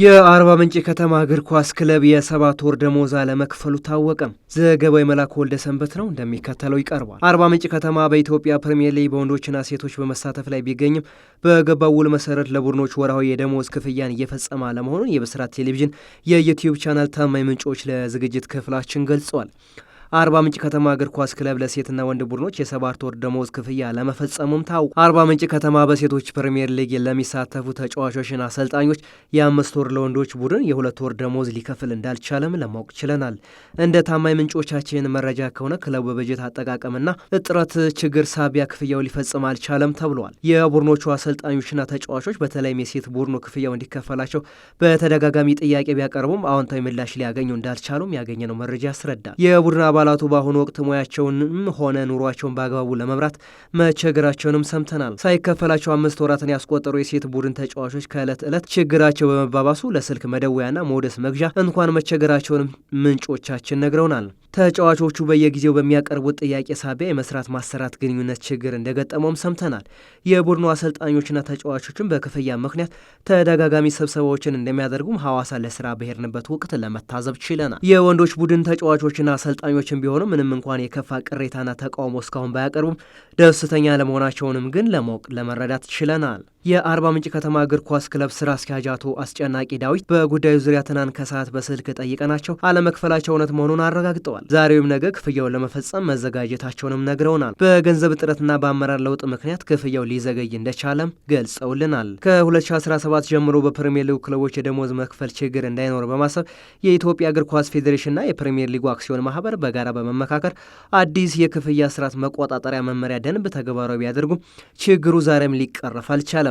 የአርባ ምንጭ ከተማ እግር ኳስ ክለብ የሰባት ወር ደሞዝ አለመክፈሉ ታወቀም። ዘገባው የመላኩ ወልደ ሰንበት ነው፣ እንደሚከተለው ይቀርባል። አርባ ምንጭ ከተማ በኢትዮጵያ ፕሪምየር ሊግ በወንዶችና ሴቶች በመሳተፍ ላይ ቢገኝም በገባው ውል መሰረት ለቡድኖች ወርሃዊ የደሞዝ ክፍያን እየፈጸመ አለመሆኑን የብስራት ቴሌቪዥን የዩትዩብ ቻናል ታማኝ ምንጮች ለዝግጅት ክፍላችን ገልጸዋል። አርባ ምንጭ ከተማ እግር ኳስ ክለብ ለሴትና ወንድ ቡድኖች የሰባት ወር ደመወዝ ክፍያ ለመፈጸሙም ታው አርባ ምንጭ ከተማ በሴቶች ፕሪምየር ሊግ ለሚሳተፉ ተጫዋቾችና አሰልጣኞች የአምስት ወር ለወንዶች ቡድን የሁለት ወር ደመወዝ ሊከፍል እንዳልቻለም ለማወቅ ችለናል። እንደ ታማኝ ምንጮቻችን መረጃ ከሆነ ክለቡ በበጀት አጠቃቀምና እጥረት ችግር ሳቢያ ክፍያው ሊፈጽም አልቻለም ተብሏል። የቡድኖቹ አሰልጣኞችና ተጫዋቾች በተለይም የሴት ቡድኑ ክፍያው እንዲከፈላቸው በተደጋጋሚ ጥያቄ ቢያቀርቡም አዎንታዊ ምላሽ ሊያገኙ እንዳልቻሉም ያገኘነው መረጃ ያስረዳል። አባላቱ በአሁኑ ወቅት ሙያቸውንም ሆነ ኑሯቸውን በአግባቡ ለመምራት መቸገራቸውንም ሰምተናል። ሳይከፈላቸው አምስት ወራትን ያስቆጠሩ የሴት ቡድን ተጫዋቾች ከዕለት ዕለት ችግራቸው በመባባሱ ለስልክ መደወያና ሞደስ መግዣ እንኳን መቸገራቸውንም ምንጮቻችን ነግረውናል። ተጫዋቾቹ በየጊዜው በሚያቀርቡት ጥያቄ ሳቢያ የመስራት ማሰራት ግንኙነት ችግር እንደገጠመውም ሰምተናል። የቡድኑ አሰልጣኞችና ተጫዋቾችን በክፍያ ምክንያት ተደጋጋሚ ስብሰባዎችን እንደሚያደርጉም ሐዋሳ ለስራ በሄድንበት ወቅት ለመታዘብ ችለናል። የወንዶች ቡድን ተጫዋቾችና አሰልጣኞችን ቢሆኑ ምንም እንኳን የከፋ ቅሬታና ተቃውሞ እስካሁን ባያቀርቡም ደስተኛ ለመሆናቸውንም ግን ለማወቅ ለመረዳት ችለናል። የአርባ ምንጭ ከተማ እግር ኳስ ክለብ ስራ አስኪያጅ አቶ አስጨናቂ ዳዊት በጉዳዩ ዙሪያ ትናንት ከሰዓት በስልክ ጠይቀናቸው አለመክፈላቸው እውነት መሆኑን አረጋግጠዋል። ዛሬውም ነገ ክፍያውን ለመፈጸም መዘጋጀታቸውንም ነግረውናል። በገንዘብ እጥረትና በአመራር ለውጥ ምክንያት ክፍያው ሊዘገይ እንደቻለም ገልጸውልናል። ከ2017 ጀምሮ በፕሪምየር ሊግ ክለቦች የደሞዝ መክፈል ችግር እንዳይኖር በማሰብ የኢትዮጵያ እግር ኳስ ፌዴሬሽንና የፕሪምየር ሊጉ አክሲዮን ማህበር በጋራ በመመካከር አዲስ የክፍያ ስርዓት መቆጣጠሪያ መመሪያ ደንብ ተግባራዊ ቢያደርጉም ችግሩ ዛሬም ሊቀረፍ አልቻለም።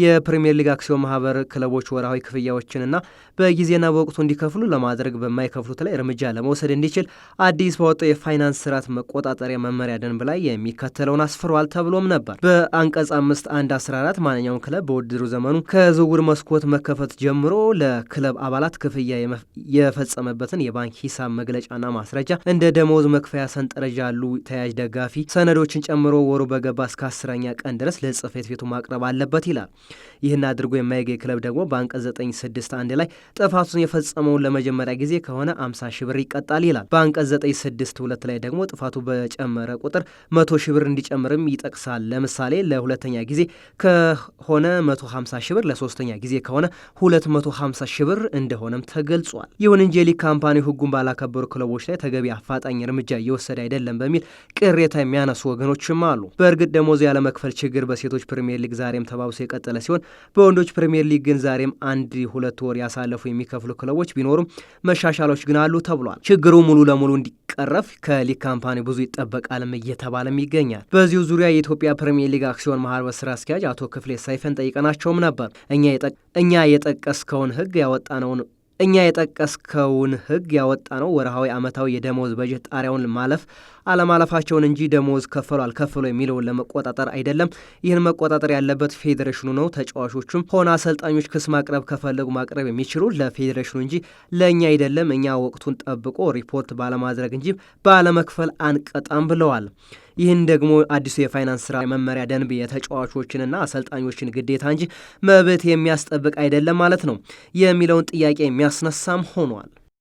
የፕሪምየር ሊግ አክሲዮን ማህበር ክለቦች ወርሃዊ ክፍያዎችንና በጊዜና በወቅቱ እንዲከፍሉ ለማድረግ በማይከፍሉት ላይ እርምጃ ለመውሰድ እንዲችል አዲስ በወጣው የፋይናንስ ስርዓት መቆጣጠሪያ መመሪያ ደንብ ላይ የሚከተለውን አስፍሯል ተብሎም ነበር። በአንቀጽ አምስት አንድ አስራ አራት ማንኛውም ክለብ በውድድሩ ዘመኑ ከዝውውር መስኮት መከፈት ጀምሮ ለክለብ አባላት ክፍያ የፈጸመበትን የባንክ ሂሳብ መግለጫና ማስረጃ እንደ ደመወዝ መክፈያ ሰንጠረዥ ያሉ ተያያዥ ደጋፊ ሰነዶችን ጨምሮ ወሩ በገባ እስከ አስረኛ ቀን ድረስ ለጽሕፈት ቤቱ ማቅረብ አለበት ይላል። ይህን አድርጎ የማይገኝ ክለብ ደግሞ በአንቀጽ 961 ላይ ጥፋቱን የፈጸመውን ለመጀመሪያ ጊዜ ከሆነ 50 ሺህ ብር ይቀጣል ይላል። በአንቀጽ 962 ላይ ደግሞ ጥፋቱ በጨመረ ቁጥር 100 ሺህ ብር እንዲጨምርም ይጠቅሳል። ለምሳሌ ለሁለተኛ ጊዜ ከሆነ 150 ሺህ ብር፣ ለሶስተኛ ጊዜ ከሆነ 250 ሺህ ብር እንደሆነም ተገልጿል። ይሁን እንጂ የሊግ ካምፓኒ ህጉን ባላከበሩ ክለቦች ላይ ተገቢ አፋጣኝ እርምጃ እየወሰደ አይደለም በሚል ቅሬታ የሚያነሱ ወገኖችም አሉ። በእርግጥ ደሞዝ ያለመክፈል ችግር በሴቶች ፕሪምየር ሊግ ዛሬም ተባብሶ የቀጠ የቀጠለ ሲሆን በወንዶች ፕሪምየር ሊግ ግን ዛሬም አንድ ሁለት ወር ያሳለፉ የሚከፍሉ ክለቦች ቢኖሩም መሻሻሎች ግን አሉ ተብሏል። ችግሩ ሙሉ ለሙሉ እንዲቀረፍ ከሊግ ካምፓኒ ብዙ ይጠበቃልም እየተባለም ይገኛል። በዚሁ ዙሪያ የኢትዮጵያ ፕሪምየር ሊግ አክሲዮን ማህበር ስራ አስኪያጅ አቶ ክፍሌ ሳይፈን ጠይቀናቸውም ነበር። እኛ የጠቀስከውን ህግ ያወጣነውን እኛ የጠቀስከውን ህግ ያወጣ ነው ወርሃዊ ዓመታዊ የደሞዝ በጀት ጣሪያውን ማለፍ አለማለፋቸውን እንጂ ደሞዝ ከፈሉ አልከፈሉ የሚለውን ለመቆጣጠር አይደለም። ይህን መቆጣጠር ያለበት ፌዴሬሽኑ ነው። ተጫዋቾቹም ሆነ አሰልጣኞች ክስ ማቅረብ ከፈለጉ ማቅረብ የሚችሉ ለፌዴሬሽኑ እንጂ ለእኛ አይደለም። እኛ ወቅቱን ጠብቆ ሪፖርት ባለማድረግ እንጂ ባለመክፈል አንቀጣም ብለዋል። ይህን ደግሞ አዲሱ የፋይናንስ ስራ መመሪያ ደንብ የተጫዋቾችንና አሰልጣኞችን ግዴታ እንጂ መብት የሚያስጠብቅ አይደለም ማለት ነው የሚለውን ጥያቄ የሚያስነሳም ሆኗል።